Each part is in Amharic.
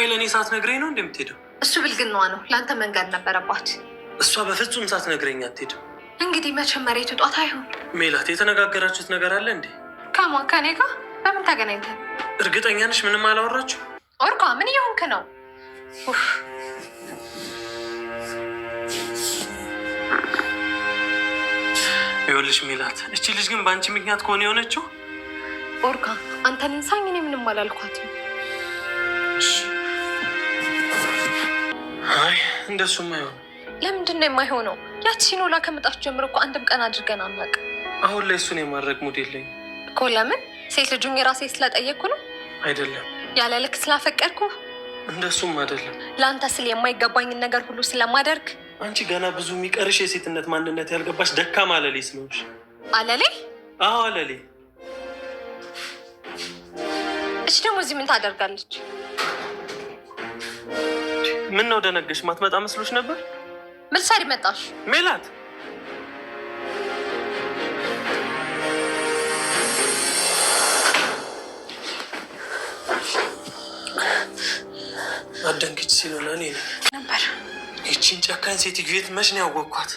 ቆይ ለእኔ ሳትነግረኝ ነው እንደምትሄደው? እሱ ብልግናዋ ነው። ለአንተ መንገድ ነበረባት። እሷ በፍጹም ሳትነግረኝ አትሄድም። እንግዲህ መቼም መሬቱ ጧት አይሆን። ሜላት፣ የተነጋገራችሁት ነገር አለ እንዴ? ከማ ከኔ ጋ በምን ተገናኝተን? እርግጠኛ ነሽ ምንም አላወራችሁ? ኦርኳ፣ ምን እየሆንክ ነው? ይኸውልሽ ሜላት፣ እቺ ልጅ ግን በአንቺ ምክንያት ከሆነ የሆነችው። ኦርካ አንተን እንሳኝ። እኔ ምንም አላልኳትም እንደሱም አይሆን። ለምንድን ነው የማይሆነው? ያቺ ሲኖላ ከመጣች ጀምሮ እኮ አንድም ቀን አድርገን አናውቅ። አሁን ላይ እሱን የማድረግ ሙድ የለኝ እኮ። ለምን? ሴት ልጁን የራሴ ስለጠየቅኩ ነው? አይደለም ያለ ልክ ስላፈቀድኩ እንደሱም አይደለም። ለአንተ ስል የማይገባኝን ነገር ሁሉ ስለማደርግ። አንቺ ገና ብዙ የሚቀርሽ የሴትነት ማንነት ያልገባሽ ደካማ አለሌ ስለሆንሽ። አለሌ? አዎ አለሌ። እች ደግሞ እዚህ ምን ታደርጋለች? ምን ነው ደነገሽ? ማትመጣ መስሎሽ ነበር። ምን ሰሪ መጣሽ? ሜላት አደንግጭ ሲሉና እኔ ነበር። ይቺን ጨካኝ ሴትዮ የት መች ነው ያወቅኳት?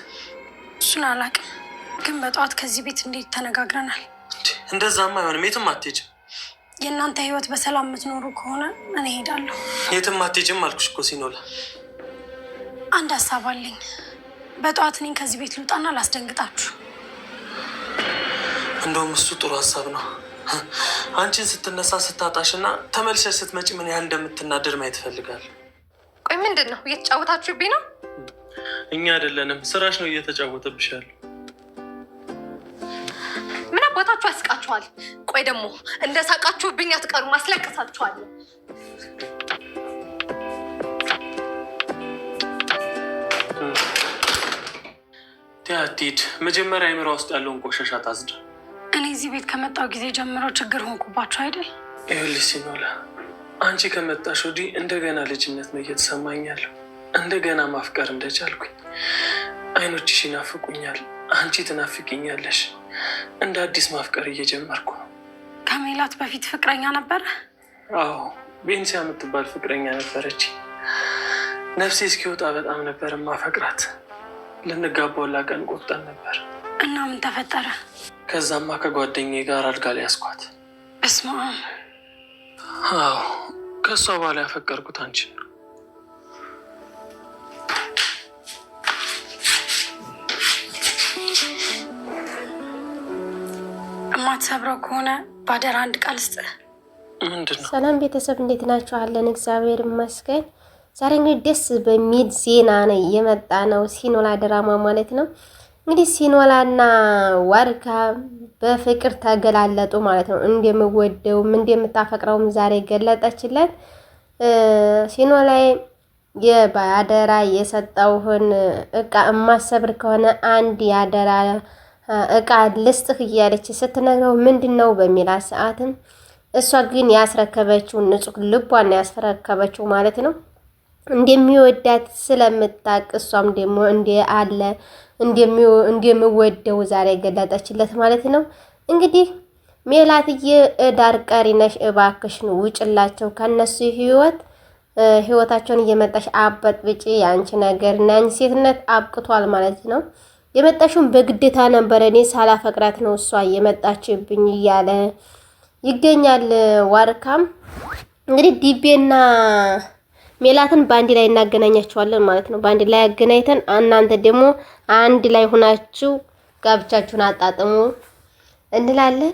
እሱን አላውቅም፣ ግን በጠዋት ከዚህ ቤት እንዴት ተነጋግረናል። እንደዛማ አይሆንም፣ የትም አትሄጂም የእናንተ ህይወት በሰላም የምትኖሩ ከሆነ እኔ እሄዳለሁ። የትም አትሄጂም አልኩሽ እኮ ሲኖላ። አንድ ሀሳብ አለኝ። በጠዋት እኔን ከዚህ ቤት ልውጣና ላስደንግጣችሁ። እንደውም እሱ ጥሩ ሀሳብ ነው። አንቺን ስትነሳ ስታጣሽ እና ተመልሰሽ ስትመጪ ምን ያህል እንደምትናደድ ማየት ይፈልጋል። ቆይ ምንድን ነው እየተጫወታችሁብኝ ነው? እኛ አይደለንም ስራሽ ነው እየተጫወተብሻል። አባታችሁ ያስቃችኋል። ቆይ ደግሞ እንደ ሳቃችሁብኝ አትቀሩ፣ አስለቅሳችኋለሁ። ቲያቲድ መጀመሪያ አይምሮ ውስጥ ያለውን ቆሻሻ ታዝዳ። እኔ እዚህ ቤት ከመጣው ጊዜ ጀምሮ ችግር ሆንኩባቸው አይደል? ይኸውልሽ ሲኖላ፣ አንቺ ከመጣሽ ወዲህ እንደገና ልጅነት ነው እየተሰማኛለሁ። እንደገና ማፍቀር እንደቻልኩኝ አይኖችሽ ይናፍቁኛል፣ አንቺ ትናፍቅኛለሽ። እንደ አዲስ ማፍቀር እየጀመርኩ ነው። ከሜላት በፊት ፍቅረኛ ነበረ? አዎ፣ ቤንሲያ የምትባል ፍቅረኛ ነበረች። ነፍሴ እስኪወጣ በጣም ነበር ማፈቅራት። ልንጋባውላ ቀን ቆርጠን ነበር እና ምን ተፈጠረ? ከዛማ ከጓደኛ ጋር አድጋ ላይ ያስኳት። በስመ አብ! አዎ፣ ከእሷ በኋላ ያፈቀርኩት አንቺን ነው። ማትሰብረው ከሆነ ባደር አንድ ቃል ስጥህ። ሰላም ቤተሰብ እንዴት ናችኋለን? እግዚአብሔር ይመስገን። ዛሬ እንግዲህ ደስ በሚል ዜና ነው የመጣ ነው፣ ሲኖላ ድራማ ማለት ነው። እንግዲህ ሲኖላና ዋርካ በፍቅር ተገላለጡ ማለት ነው። እንደምወደውም እንደምታፈቅረውም ዛሬ ገለጠችለት። ሲኖላ የአደራ የሰጠውህን እቃ እማሰብር ከሆነ አንድ የአደራ እቃ ልስጥህ እያለች ስትነግረው ምንድን ነው በሚላት ሰዓትም እሷ ግን ያስረከበችው ንጹህ ልቧን ያስረከበችው ማለት ነው እንደሚወዳት ስለምታቅ እሷም ደግሞ እንደ አለ እንደምወደው ዛሬ ገለጠችለት ማለት ነው። እንግዲህ ሜላትዬ ዳር ቀሪ ነሽ፣ እባክሽን ውጭላቸው ከነሱ ህይወት ህይወታቸውን እየመጣሽ አበጥብጪ። የአንቺ ነገር እና ሴትነት አብቅቷል ማለት ነው። የመጣሽውን በግዴታ ነበረ፣ እኔ ሳላፈቅራት ነው እሷ የመጣችብኝ እያለ ይገኛል። ዋርካም እንግዲህ ዲቤና ሜላትን በአንድ ላይ እናገናኛቸዋለን ማለት ነው። በአንድ ላይ አገናኝተን እናንተ ደግሞ አንድ ላይ ሆናችሁ ጋብቻችሁን አጣጥሙ እንላለን።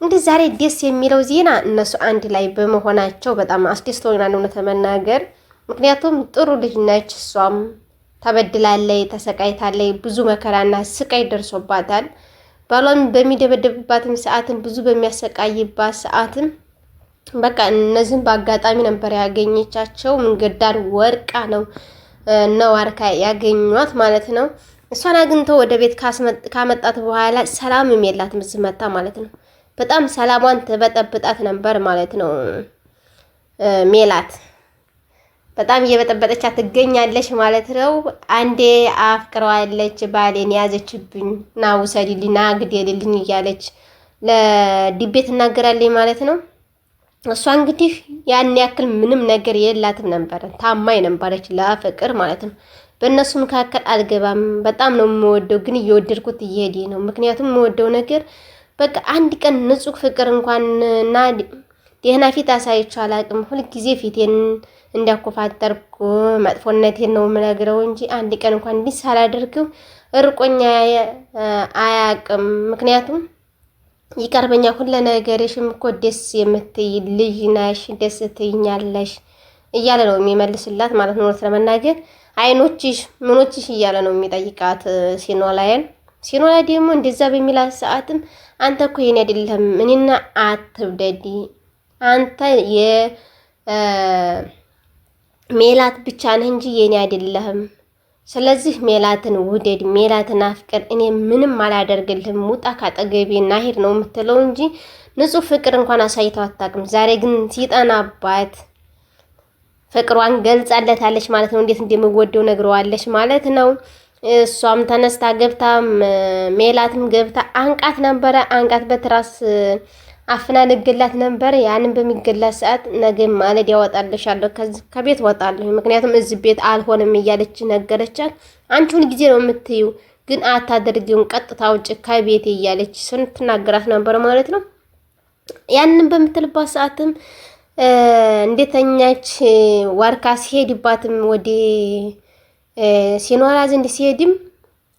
እንግዲህ ዛሬ ደስ የሚለው ዜና እነሱ አንድ ላይ በመሆናቸው በጣም አስደስቶኛል፣ እውነት ለመናገር ምክንያቱም ጥሩ ልጅ ነች እሷም ተበድላለይ፣ ተሰቃይታለይ፣ ብዙ መከራና ስቃይ ደርሶባታል። ባሏን በሚደበደብባትም ሰዓትም ብዙ በሚያሰቃይባት ሰዓትም በቃ እነዚህም በአጋጣሚ ነበር ያገኘቻቸው። መንገድ ዳር ወርቃ ነው ነዋርካ ያገኟት ማለት ነው። እሷን አግኝተው ወደ ቤት ካመጣት በኋላ ሰላምም የላትም እዚህ መታ ማለት ነው። በጣም ሰላሟን ተበጠብጣት ነበር ማለት ነው ሜላት በጣም እየበጠበጠቻ ትገኛለች ማለት ነው። አንዴ አፍቅረዋለች፣ ባሌን ያዘችብኝ፣ ና ውሰድልኝ፣ ና ግደልልኝ እያለች ለድቤ ትናገራለች ማለት ነው። እሷ እንግዲህ ያን ያክል ምንም ነገር የላትም ነበረ፣ ታማኝ ነበረች ለፍቅር ማለት ነው። በእነሱ መካከል አልገባም፣ በጣም ነው የምወደው፣ ግን እየወደድኩት እየሄደ ነው። ምክንያቱም የምወደው ነገር በቃ አንድ ቀን ንጹህ ፍቅር እንኳን እና ደህና ፊት አሳይቼው አላውቅም። ሁልጊዜ ፊቴን እንዳኮፋጠርኩ መጥፎነቴን ነው የምነግረው እንጂ አንድ ቀን እንኳን እንዲህ አላደርግም። እርቆኛ አያቅም። ምክንያቱም ይቀርበኛ ሁለ ነገርሽም እኮ ደስ የምትይ ልጅ ነሽ፣ ደስ ትይኛለሽ እያለ ነው የሚመልስላት ማለት ነው። ስለመናገር አይኖችሽ ምኖችሽ እያለ ነው የሚጠይቃት ሲኖላየን ሲኖላ ደግሞ እንደዛ በሚላት ሰዓትም አንተ እኮ ይሄን አይደለም እኔና አትብደዲ አንተ የ ሜላት ብቻ ነህ እንጂ የኔ አይደለህም። ስለዚህ ሜላትን ውደድ፣ ሜላትን አፍቅር። እኔ ምንም አላደርግልህም፣ ውጣ ካጠገቤ እና ሂድ ነው የምትለው እንጂ ንጹሕ ፍቅር እንኳን አሳይተው አታውቅም። ዛሬ ግን ሲጠናባት ፍቅሯን ገልጻለታለች ማለት ነው። እንዴት እንደምወደው ነግረዋለች ማለት ነው። እሷም ተነስታ ገብታ ሜላትም ገብታ አንቃት ነበረ። አንቃት በትራስ አፍና ልገላት ነበር። ያንን በሚገላት ሰዓት ነገ ማለድ ያወጣልሻለሁ ከቤት ወጣለሁ፣ ምክንያቱም እዚህ ቤት አልሆንም እያለች ነገረቻት። አንቺውን ሁል ጊዜ ነው የምትዩ፣ ግን አታደርጊውን፣ ቀጥታ ውጭ ከቤት እያለች ስንትናገራት ነበር ማለት ነው። ያንን በምትልባት ሰዓትም እንደተኛች ዋርካ ሲሄድባትም ወደ ሲኖላ ዘንድ ሲሄድም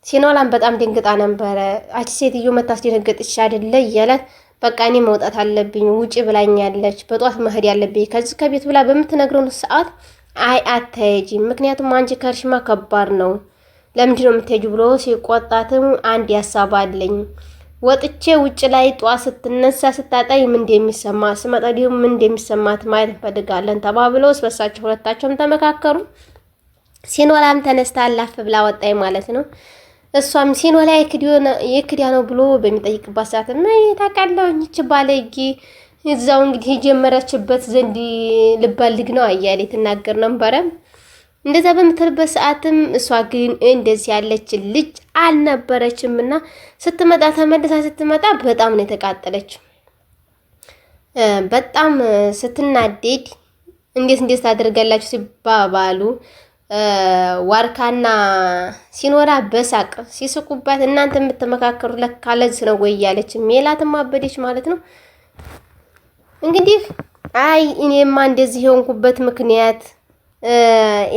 ሲኖላን በጣም ደንግጣ ነበረ። አቺ ሴትዮ መታስደነገጥሽ አይደለ እያላት በቃ እኔ መውጣት አለብኝ ውጪ ብላኛለች፣ በጧት መሄድ ያለብኝ ከዚህ ከቤት ብላ በምትነግረውን ሰዓት አይ አትሄጂም፣ ምክንያቱም አንቺ ከርሽማ ከባድ ነው ለምንድን ነው የምትሄጂው ብሎ ሲቆጣትም አንድ ያሳብ አለኝ ወጥቼ ውጭ ላይ ጧት ስትነሳ ስታጣይ ምን እንደሚሰማ ስመጣ እንዲሁም ምን እንደሚሰማት ማየት እንፈልጋለን ተባብለው ስበሳቸው ሁለታቸውም ተመካከሩ። ሲኖላም ተነስታ አላፍ ብላ ወጣይ ማለት ነው። እሷም ሲኖላ የክዲያ ነው ብሎ በሚጠይቅባት ሰዓት እና ታውቃለሁኝ ይች ባለጌ እዛው እንግዲህ የጀመረችበት ዘንድ ልባልግ ነው አያሌ ትናገር ነበረም። እንደዛ በምትልበት ሰዓትም እሷ ግን እንደዚህ ያለች ልጅ አልነበረችም እና ስትመጣ ተመልሳ ስትመጣ በጣም ነው የተቃጠለችው። በጣም ስትናደድ እንዴት እንዴት ታደርጋላችሁ ሲባባሉ ዋርካና ሲኖራ በሳቅ ሲስቁባት እናንተ የምትመካከሩ ለካ ለዚህ ነው ወይ ያለች ሜላትም አበደች ማለት ነው። እንግዲህ አይ እኔማ እንደዚህ የሆንኩበት ምክንያት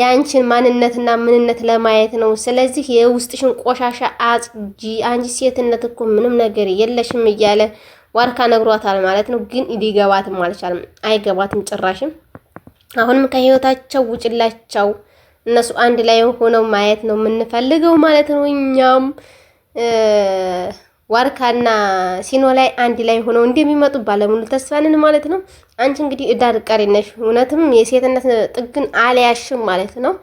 የአንቺን ማንነትና ምንነት ለማየት ነው። ስለዚህ የውስጥሽን ቆሻሻ አጽጂ፣ አንቺ ሴትነት እኮ ምንም ነገር የለሽም እያለ ዋርካ ነግሯታል ማለት ነው። ግን ሊገባትም አልቻለም። አይገባትም ጭራሽም። አሁንም ከህይወታቸው ውጭላቸው እነሱ አንድ ላይ ሆነው ማየት ነው የምንፈልገው ማለት ነው። እኛም ዋርካና ሲኖ ላይ አንድ ላይ ሆነው እንደሚመጡ ባለሙሉ ተስፋንን ማለት ነው። አንቺ እንግዲህ እዳር ቀሪ ነሽ፣ እውነትም የሴትነት ጥግን አልያሽም ማለት ነው።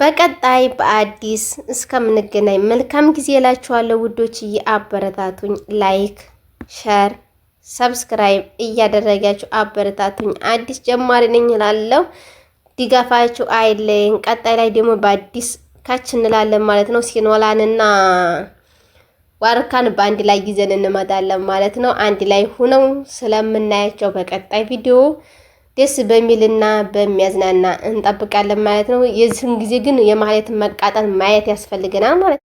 በቀጣይ በአዲስ እስከምንገናኝ መልካም ጊዜ እላችኋለሁ ውዶች አበረታቱኝ፣ ላይክ ሸር ሰብስክራይብ እያደረጋችሁ አበረታቱኝ። አዲስ ጀማሪ ነኝ እላለሁ። ድጋፋችሁ አይለኝ። ቀጣይ ላይ ደግሞ በአዲስ ካች እንላለን ማለት ነው። ሲኖላንና ዋርካን በአንድ ላይ ይዘን እንመጣለን ማለት ነው። አንድ ላይ ሁነው ስለምናያቸው በቀጣይ ቪዲዮ ደስ በሚልና በሚያዝናና እንጠብቃለን ማለት ነው። የዚህን ጊዜ ግን የማህሌትን መቃጠል ማየት ያስፈልገናል ማለት ነው።